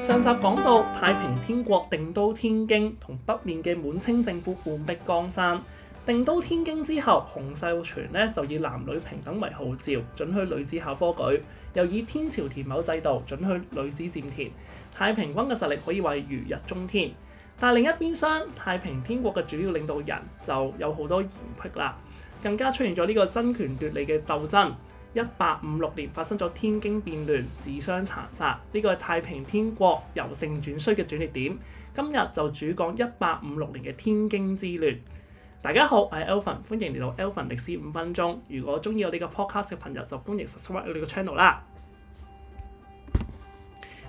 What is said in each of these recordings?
上集講到太平天國定都天京，同北面嘅滿清政府半壁江山。定都天京之後，洪秀全呢就以男女平等為號召，准許女子考科舉。又以天朝田畝制度准許女子佔田，太平軍嘅實力可以為如日中天。但另一邊廂，太平天國嘅主要領導人就有好多嫌隙啦，更加出現咗呢個爭權奪利嘅鬥爭。一八五六年發生咗天京變亂，自相殘殺，呢個係太平天國由盛轉衰嘅轉捩點。今日就主講一八五六年嘅天京之亂。大家好，我係 Elven，歡迎嚟到 Elven 歷史五分鐘。如果中意我呢個 podcast 嘅朋友，就歡迎 subscribe 我哋個 channel 啦。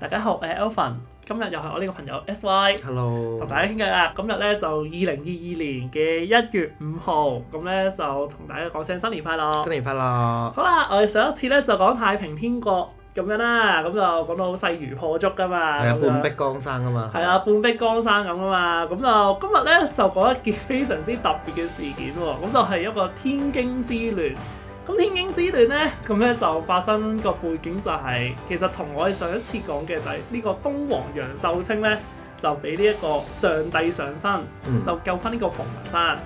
大家好，我係 Elven，今日又係我呢個朋友 SY，Hello，同大家傾偈啦。今日咧就二零二二年嘅一月五號，咁咧就同大家講聲新年快樂，新年快樂。好啦，我哋上一次咧就講太平天國。咁樣啦，咁就講到好勢如破竹噶嘛，啊、半壁江山噶嘛，係啊，半壁江山咁啊嘛，咁就今日咧就講一件非常之特別嘅事件喎、哦，咁就係一個天京之亂。咁天京之亂咧，咁咧就發生個背景就係、是、其實同我哋上一次講嘅就係呢個東王楊秀清咧就俾呢一個上帝上身，就救翻呢個馮雲山。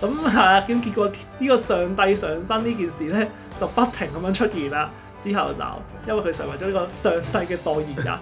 咁、嗯、啊，咁結果呢個上帝上身呢件事咧就不停咁樣出現啦。之後就，因為佢成為咗呢個上帝嘅代言人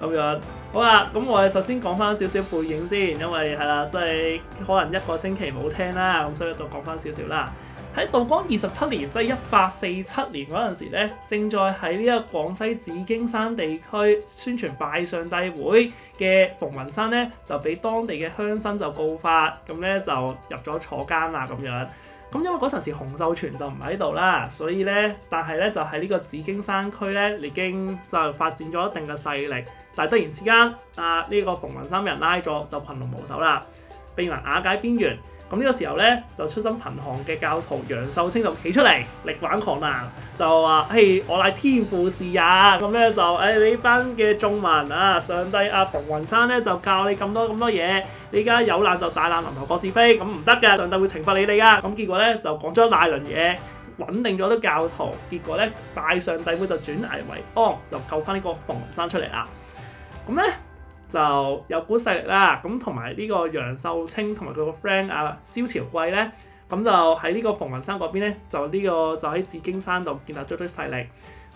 咁樣。好啦，咁我哋首先講翻少少背景先，因為係啦，即係、就是、可能一個星期冇聽啦，咁所以就講翻少少啦。喺道光二十七年，即係一八四七年嗰陣時咧，正在喺呢一個廣西紫荊山地區宣傳拜上帝會嘅馮雲山呢，就俾當地嘅鄉紳就告發，咁呢，就入咗坐監啊咁樣。咁因為嗰陣時洪秀全就唔喺度啦，所以呢，但係呢就喺呢個紫荊山區呢，已經就發展咗一定嘅勢力，但係突然之間，啊呢、這個馮雲山俾人拉咗就群龍無首啦，未能瓦解邊緣。咁呢個時候呢，就出身貧寒嘅教徒楊秀清就企出嚟力挽狂瀾，啊，就話：嘿，我乃天父是也。」咁、哎、呢，就誒你班嘅眾民啊，上帝啊馮雲山呢，就教你咁多咁多嘢，你而家有難就大難臨頭各自飛，咁唔得嘅，上帝會懲罰你哋噶。咁結果呢，就講咗大輪嘢，穩定咗啲教徒，結果呢，拜上帝會就轉危為安，就救翻呢個馮雲山出嚟啦！咁呢。就有股勢力啦，咁同埋呢個楊秀清同埋佢個 friend 啊蕭朝貴咧，咁就喺呢個馮雲山嗰邊咧，就呢、呢個就喺紫荊山度建立咗啲勢力，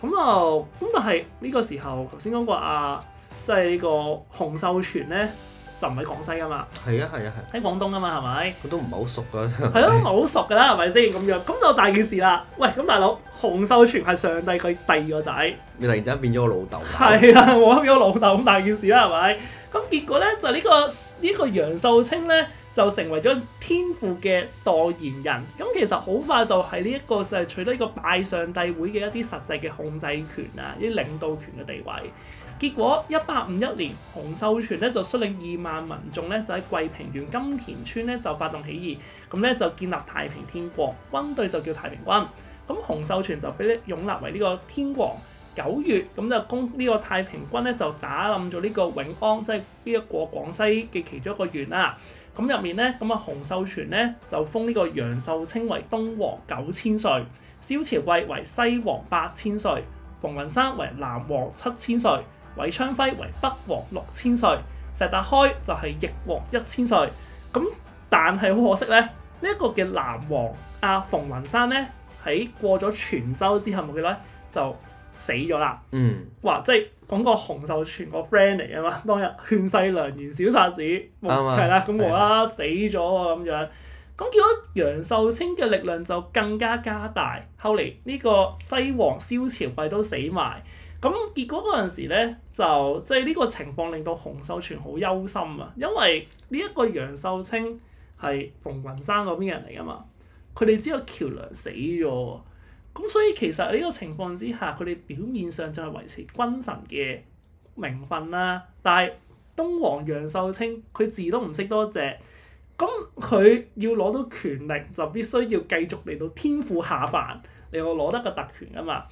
咁、呃、就咁但係呢個時候頭先講過啊，即係呢個洪秀全咧，就唔喺廣西啊嘛，係啊係啊係，喺廣東啊嘛係咪？佢都唔係好熟噶，係啊唔係好熟噶啦係咪先咁樣？咁就大件事啦！喂，咁大佬洪秀全係上帝佢第二個仔，你突然之間變咗我老豆，係啊，我變咗老豆咁大件事啦係咪？咁、嗯、結果咧就呢、呢個呢、呢個楊秀清咧就成為咗天父嘅代言人，咁其實好快就係呢一個就係、是、取得呢個拜上帝會嘅一啲實際嘅控制權啊，一、這、啲、個、領導權嘅地位。結果，一八五一年，洪秀全咧就率領二萬民眾咧，就喺桂平縣金田村咧就發動起義，咁咧就建立太平天國軍隊，就叫太平軍。咁洪秀全就俾咧擁立為呢個天王。九月，咁就攻呢個太平軍咧，就打冧咗呢個永安，即係呢一個廣西嘅其中一個縣啦。咁入面咧，咁啊洪秀全咧就封呢個楊秀清為東王九千歲，蕭朝貴為西王八千歲，馮雲山為南王七千歲。韋昌輝為北王六千歲，石達開就係翼王一千歲。咁但係好可惜咧，這個、呢一個嘅南王阿馮雲山咧喺過咗全州之後冇幾耐就死咗啦。嗯，話即係講個洪秀全個 friend 嚟啊嘛，當日勸世良言小冊子係啦，咁無啦啦死咗啊咁樣。咁結果楊秀清嘅力量就更加加大。後嚟呢個西王蕭朝貴都死埋。咁結果嗰陣時咧，就即係呢個情況令到洪秀全好憂心啊，因為呢一個楊秀清係馮雲山嗰邊人嚟噶嘛，佢哋知道橋梁死咗喎，咁所以其實呢個情況之下，佢哋表面上就係維持君臣嘅名分啦、啊，但係東王楊秀清佢字都唔識多隻，咁佢要攞到權力就必須要繼續嚟到天父下凡嚟到攞得個特權啊嘛。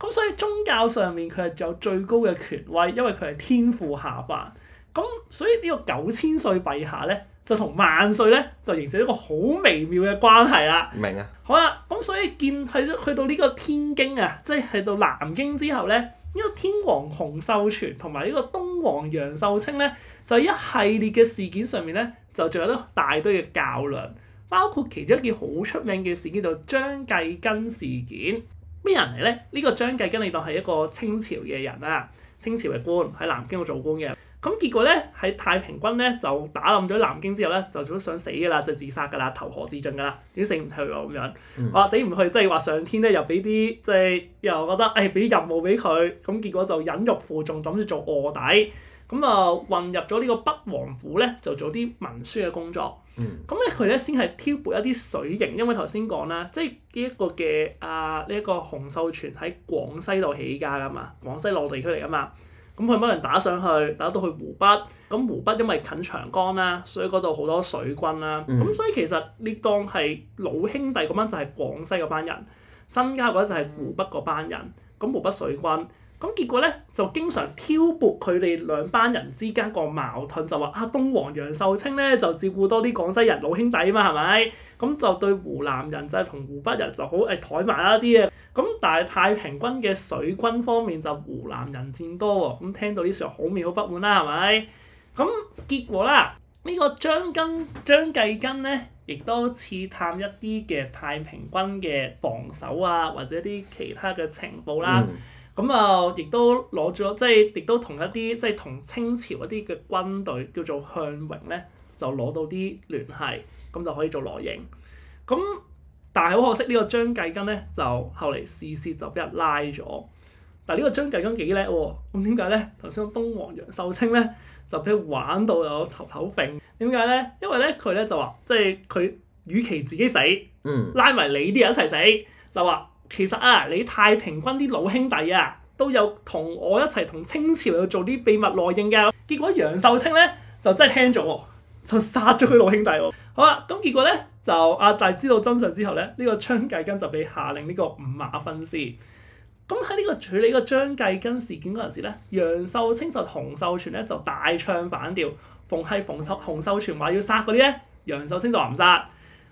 咁所以宗教上面佢係有最高嘅權威，因為佢係天父下凡。咁所以呢個九千歲陛下咧，就同萬歲咧，就形成一個好微妙嘅關係啦。明啊，好啦，咁所以見去咗去到呢個天京啊，即係去到南京之後咧，呢個天王洪秀全同埋呢個東王楊秀清咧，就一系列嘅事件上面咧，就仲有一大堆嘅較量，包括其中一件好出名嘅事叫做、就是、張繼根事件。咩人嚟咧？呢、這個張繼跟庚你當係一個清朝嘅人啊，清朝嘅官喺南京度做官嘅。咁結果咧喺太平軍咧就打冧咗南京之後咧，就都想死㗎啦，就自殺㗎啦，投河自盡㗎啦，點死唔去喎咁樣？話、嗯、死唔去即係話上天咧又俾啲即係又覺得誒俾啲任務俾佢，咁結果就忍辱負重，諗住做卧底。咁啊混入咗呢個北王府咧，就做啲文書嘅工作。咁咧佢咧先係挑撥一啲水營，因為頭先講啦，即係呢一個嘅啊呢一、呢個洪秀全喺廣西度起家噶嘛，廣西內地區嚟噶嘛，咁佢幫人打上去，打到去湖北，咁湖北因為近長江啦，所以嗰度好多水軍啦，咁、嗯、所以其實呢當係老兄弟嗰班就係廣西嗰班人，新家嗰班就係湖北嗰班人，咁湖北水軍。咁結果咧就經常挑撥佢哋兩班人之間個矛盾，就話啊東王楊秀清咧就照顧多啲廣西人老兄弟啊嘛，係咪？咁就對湖南人就係同湖北人就好誒、哎、怠慢一啲啊。咁但係太平軍嘅水軍方面就湖南人佔多喎，咁聽到呢啲嘢好妙不滿啦，係咪？咁結果啦，呢、這個張根張繼根咧亦都刺探一啲嘅太平軍嘅防守啊，或者一啲其他嘅情報啦、啊。嗯咁啊，亦都攞咗，即係亦都同一啲，即係同清朝一啲嘅軍隊叫做向榮咧，就攞到啲聯繫，咁就可以做內應。咁但係好可惜，呢個張繼根咧就後嚟事事就俾人拉咗。但係呢個張繼根幾叻喎。咁點解咧？頭先東王楊秀清咧就俾佢玩到有頭頭揈，點解咧？因為咧佢咧就話，即係佢與其自己死，嗯，拉埋你啲人一齊死，就話。其實啊，你太平軍啲老兄弟啊，都有同我一齊同清朝做啲秘密內應嘅。結果楊秀清咧就真係聽咗喎，就殺咗佢老兄弟喎。好啦、啊，咁結果咧就阿弟、啊、知道真相之後咧，呢、呢個張繼根就被下令呢個五馬分屍。咁喺呢個處理個張繼根事件嗰陣時咧，楊秀清就洪秀全咧就大唱反調。逢係洪秀洪秀全話要殺嗰啲咧，楊秀清就話唔殺；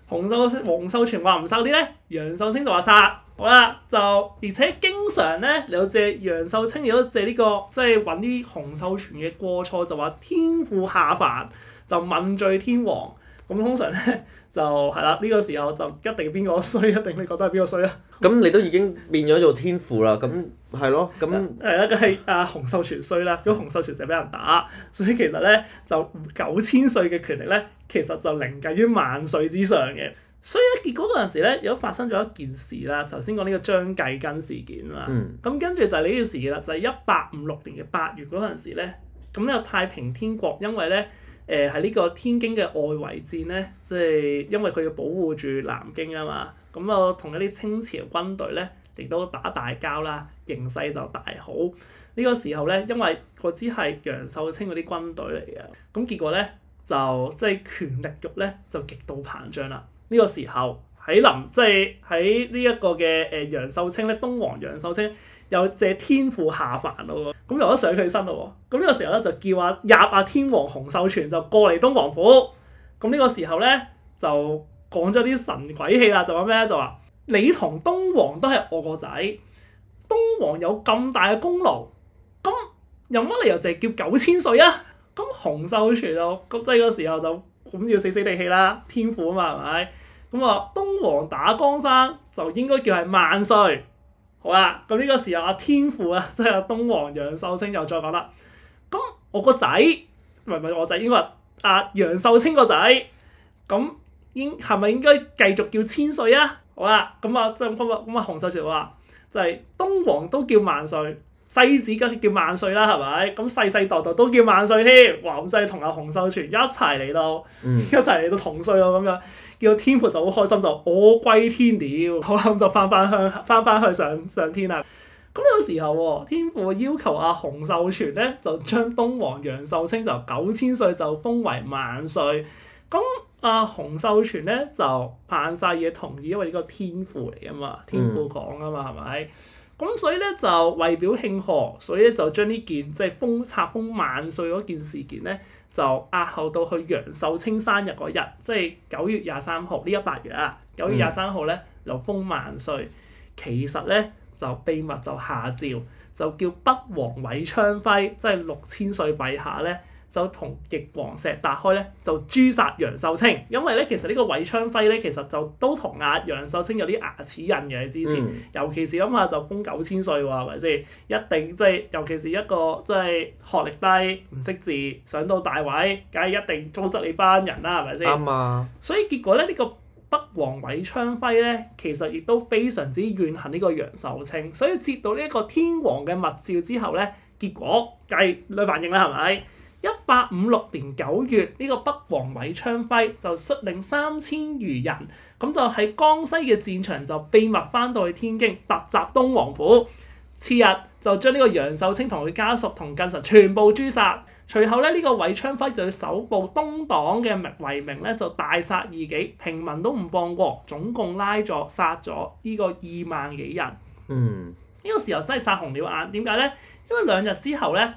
洪秀洪秀全話唔殺啲咧，楊秀清就話殺。好啦，就而且經常咧有借楊秀清，有借呢、這個即係揾啲洪秀全嘅過錯，就話天父下凡，就問罪天王。咁通常咧就係啦，呢、這個時候就一定邊個衰，一定你覺得係邊個衰啊？咁你都已經變咗做天父啦，咁係咯，咁係啦，梗係啊洪秀全衰啦。如果洪秀全就俾人打，所以其實咧就九千歲嘅權力咧，其實就凌駕於萬歲之上嘅。所以咧，結果嗰陣時咧，有發生咗一件事啦，頭先講呢個張繼根事件啊，咁、嗯、跟住就係呢件事啦，就係一八五六年嘅八月嗰陣時咧，咁呢咧太平天國，因為咧，誒喺呢個天津嘅外圍戰咧，即係因為佢要保護住南京啊嘛，咁啊同一啲清朝軍隊咧亦都打大交啦，形勢就大好。呢、這個時候咧，因為嗰支係楊秀清嗰啲軍隊嚟嘅，咁結果咧就即係權力欲咧就極度膨脹啦。呢個時候喺林即係喺呢一個嘅誒楊秀清咧，東王楊秀清又借天父下凡咯喎，咁又一上佢身咯喎，咁、這、呢個時候咧就叫阿入啊天王洪秀全就過嚟東王府，咁、這、呢個時候咧就講咗啲神鬼氣啦，就話咩就話你同東王都係我個仔，東王有咁大嘅功勞，咁有乜理由淨係叫九千歲啊？咁洪秀全就即係嗰時候就。咁要死死地氣啦，天父啊嘛，係咪？咁啊，東王打江山就應該叫係萬歲。好啦、啊，咁呢個時候阿天父啊，即係阿東王楊秀清又再講啦。咁我個仔，唔係唔係我仔，應該阿、啊、楊秀清個仔。咁應係咪應該繼續叫千歲啊？好啦，咁啊，即係咁啊，洪秀全話就係、是、東王都叫萬歲。西子梗係叫萬歲啦，係咪？咁世世代代都叫萬歲添。話唔使同阿洪秀全一齊嚟到，嗯、一齊嚟到同歲咯咁樣。叫天父就好開心，就我歸天了，好啦咁就翻翻鄉，翻翻去上上天啦。咁有時候喎，天父要求阿洪秀全咧，就將東王楊秀清就九千歲就封為萬歲。咁阿、啊、洪秀全咧就扮晒嘢同意，因為呢個天父嚟㗎嘛，天父講啊嘛，係咪、嗯？咁所以咧就為表慶賀，所以咧就將呢件即係封冊封萬歲嗰件事件咧，就押後到去楊秀清生日嗰日，即係九月廿三號呢一八月啊，九月廿三號咧就封萬歲。其實咧就秘密就下詔，就叫北王韋昌輝，即係六千歲陛下咧。就同翼王石達開咧，就誅殺楊秀清。因為咧，其實呢個韋昌輝咧，其實就都同阿楊秀清有啲牙齒印嘅，之前。嗯、尤其是咁啊，就封九千歲喎，係咪先？一定即係，尤其是一個即係學歷低、唔識字，上到大位，梗係一定糟質你班人啦，係咪先？嗯啊、所以結果咧，呢、呢個北王韋昌輝咧，其實亦都非常之怨恨呢個楊秀清。所以接到呢一個天王嘅密詔之後咧，結果梗係女反應啦，係咪？一八五六年九月，呢、這個北王韋昌輝就率領三千餘人，咁就喺江西嘅戰場就秘密翻到去天京，突襲東王府。次日就將呢個楊秀清同佢家屬同近臣全部誅殺。隨後咧，呢、這個韋昌輝就首捕東黨嘅名為名咧，就大殺異己，平民都唔放過，總共拉咗殺咗呢個二萬幾人。嗯，呢個時候真係殺紅了眼，點解呢？因為兩日之後呢。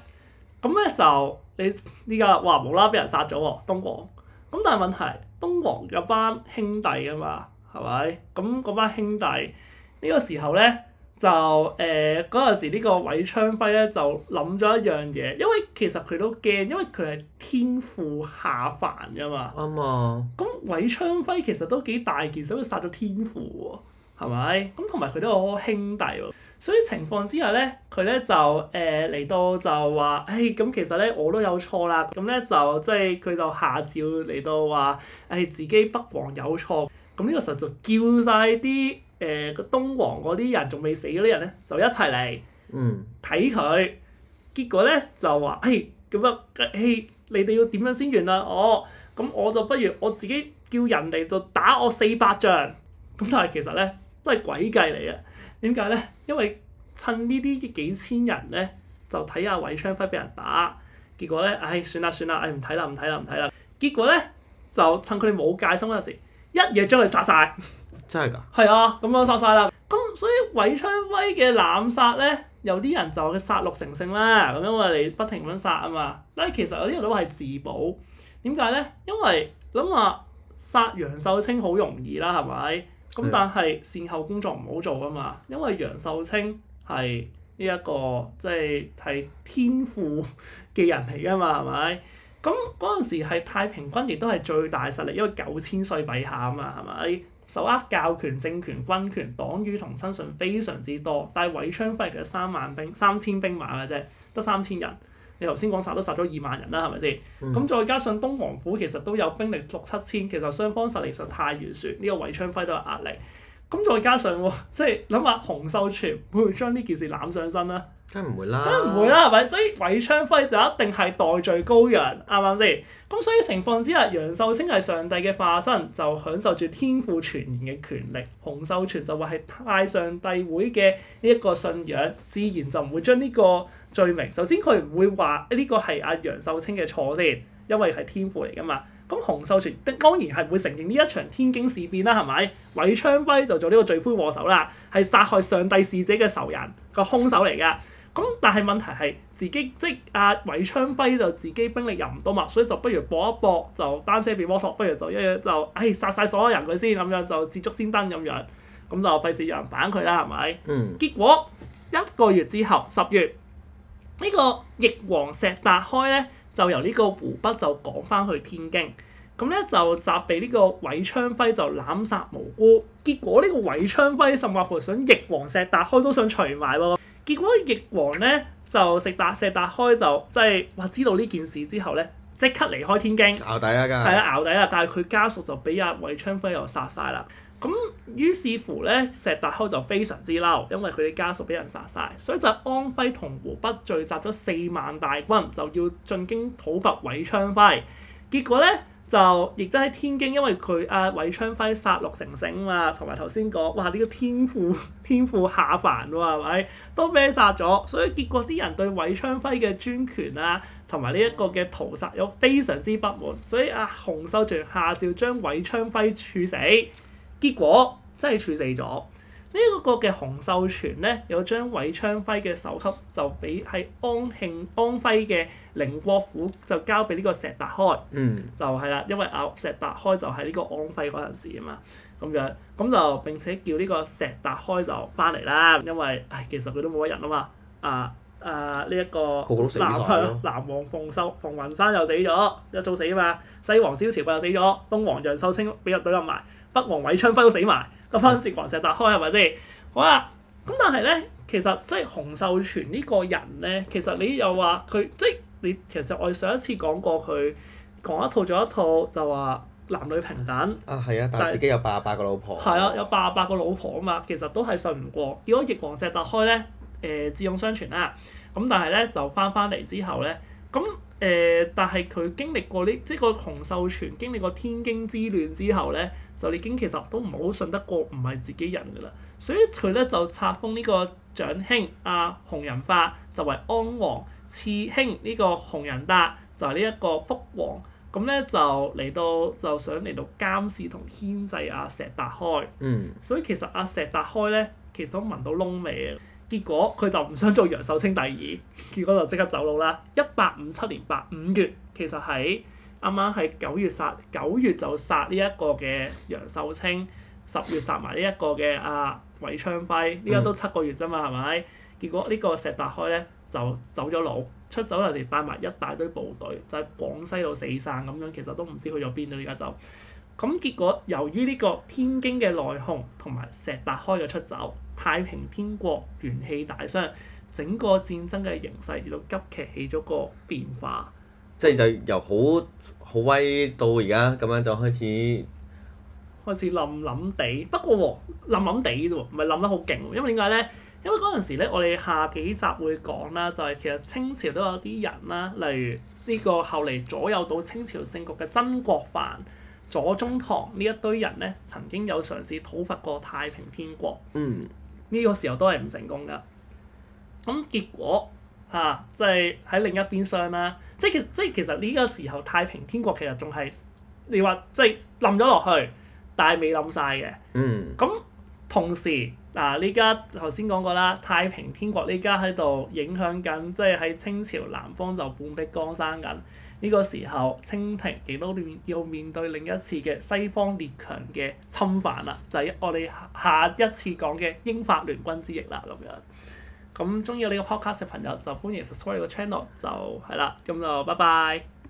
咁咧就。你依家話冇啦，俾人殺咗喎東皇。咁但係問題，東皇有班兄弟噶嘛，係咪？咁嗰班兄弟呢、呢個時候咧，就誒嗰陣時呢個韋昌輝咧就諗咗一樣嘢，因為其實佢都驚，因為佢係天父下凡噶嘛。啱、嗯、啊！咁韋昌輝其實都幾大件事，佢殺咗天父喎。係咪？咁同埋佢都係兄弟喎，所以情況之下咧，佢咧就誒嚟、呃、到就話，誒、哎、咁其實咧我都有錯啦。咁咧就即係佢就下詔嚟到話，誒、哎、自己北王有錯。咁呢個時候就叫晒啲誒個東王嗰啲人，仲未死嗰啲人咧，就一齊嚟睇佢。結果咧就話，誒咁啊，誒、哎、你哋要點樣先原諒我啊？咁我就不如我自己叫人哋就打我四百仗。咁但係其實咧～都係詭計嚟嘅，點解咧？因為趁呢啲幾千人咧，就睇下韋昌輝俾人打，結果咧，唉、哎，算啦算啦，唉、哎，唔睇啦唔睇啦唔睇啦，結果咧，就趁佢哋冇戒心嗰陣時，一嘢將佢殺晒。真係㗎？係 啊，咁樣殺晒啦。咁所以韋昌輝嘅濫殺咧，有啲人就係殺戮成性啦。咁因為你不停咁殺啊嘛，但係其實有啲人都係自保。點解咧？因為諗話殺楊秀清好容易啦，係咪？咁但係善後工作唔好做噶嘛，因為楊秀清係呢一個即係係天父嘅人嚟噶嘛，係咪？咁嗰陣時係太平軍亦都係最大實力，因為九千歲陛下啊嘛，係咪？手握教權、政權、軍權、黨羽同親信非常之多，但係韋昌輝其實三萬兵、三千兵馬嘅啫，得三千人。你頭先講殺都殺咗二萬人啦，係咪先？咁、嗯、再加上東王府其實都有兵力六七千，其實雙方實力實在太懸殊，呢、這個韋昌輝都有壓力。咁再加上喎，即係諗下洪秀全會唔會將呢件事攬上身啦？梗唔會啦，梗唔會啦，係咪？所以韋昌輝就一定係代罪羔羊，啱唔啱先？咁所以情況之下，楊秀清係上帝嘅化身，就享受住天父傳言嘅權力，洪秀全就話係拜上帝會嘅呢一個信仰，自然就唔會將呢個罪名。首先佢唔會話呢個係阿楊秀清嘅錯先，因為係天父嚟㗎嘛。咁洪秀全當然係唔會承認呢一場天京事變啦，係咪？韋昌輝就做呢個罪魁禍首啦，係殺害上帝使者嘅仇人個兇手嚟㗎。咁但係問題係自己，即係阿韋昌輝就自己兵力入唔到嘛，所以就不如搏一搏，就單車變摩托，不如就一樣就誒、哎、殺晒所有人佢先，咁樣就捷足先登咁樣，咁就費事有人反佢啦，係咪？嗯。結果一個月之後，十月、這個、黃呢個翼王石達開咧。呢就由呢個湖北就趕翻去天津，咁咧就責備呢個韋昌輝就濫殺無辜，結果呢個韋昌輝甚至乎想翼王石達開都想除埋喎，結果翼王咧就石達，石達開就即係話知道呢件事之後咧，即刻離開天津。淆底啦，梗係係啦，淆底啦，但係佢家屬就俾阿韋昌輝又殺晒啦。咁於是乎咧，石達開就非常之嬲，因為佢嘅家屬俾人殺晒。所以就安徽同湖北聚集咗四萬大軍，就要進京討伐韋昌輝。結果咧就亦都喺天津，因為佢阿韋昌輝殺戮成性啊嘛，同埋頭先講哇呢、呢個天父天父下凡喎、啊，係咪都咩殺咗？所以結果啲人對韋昌輝嘅專權啊，同埋呢一個嘅屠殺有非常之不滿，所以阿、啊、洪秀全下詔將韋昌輝處死。結果真係處死咗呢一個嘅洪秀全咧，有將韋昌輝嘅首級就俾喺安慶安徽嘅寧國府就交俾呢個石達開，嗯、就係啦，因為啊石達開就喺呢個安徽嗰陣時啊嘛，咁樣咁就並且叫呢個石達開就翻嚟啦，因為唉其實佢都冇乜人啊嘛，啊啊呢一、這個，個，個南向南、啊、南王馮秀馮雲山又死咗一早死啊嘛，西王蕭朝貴又死咗，東王楊秀清俾入隊冧埋。北王偉昌輝都死埋，咁番士翼王石達開係咪先？好啦！咁但係咧，其實即係洪秀全呢個人咧，其實你又話佢即係你，其實我哋上一次講過佢講一套做一套，就話男女平等。啊，係啊，但係自己有八啊八個老婆。係啊，有八啊八個老婆啊嘛，其實都係信唔過。如果翼王石達開咧，誒智勇雙全啦。咁、啊、但係咧，就翻翻嚟之後咧，咁。誒、呃，但係佢經歷過呢，即個洪秀全經歷過天京之亂之後咧，就已經其實都唔好信得過，唔係自己人噶啦。所以佢咧就冊封呢個長兄阿洪仁發，就為安王，次兄呢、這個洪仁達就係呢一個福王。咁咧就嚟到就想嚟到監視同牽制阿、啊、石達開。嗯。所以其實阿、啊、石達開咧，其實都聞到窿味啊。結果佢就唔想做楊秀清第二，結果就即刻走佬啦。一八五七年八五月，其實喺啱啱係九月殺，九月就殺呢一個嘅楊秀清，十月殺埋呢一個嘅阿韋昌輝。呢家都七個月啫嘛，係咪？結果呢個石達開咧就走咗佬，出走嗰陣時帶埋一大堆部隊，就喺、是、廣西度死散咁樣，其實都唔知去咗邊度而家就。咁結果由於呢個天京嘅內訌同埋石達開嘅出走，太平天國元氣大傷，整個戰爭嘅形勢遇到急劇起咗個變化，即係就由好好威到而家咁樣就開始開始冧冧地，不過冧冧地啫喎，唔係冧得好勁，因為點解呢？因為嗰陣時咧，我哋下幾集會講啦，就係其實清朝都有啲人啦，例如呢個後嚟左右到清朝政局嘅曾國藩。左宗棠呢一堆人咧，曾經有嘗試討伐過太平天國，呢、嗯、個時候都係唔成功噶。咁結果嚇、啊即係啊即係，即係喺另一邊廂啦。即係其實即係其實呢個時候太平天國其實仲係你話即係冧咗落去，但係未冧晒嘅。咁、嗯、同時嗱，呢家頭先講過啦，太平天國呢家喺度影響緊，即係喺清朝南方就半壁江山緊。呢個時候，清廷亦都面要面對另一次嘅西方列強嘅侵犯啦，就係、是、我哋下一次講嘅英法聯軍之役啦，咁樣。咁鍾意我呢個 podcast 嘅朋友就歡迎 subscribe 個 channel，就係啦，咁就拜拜。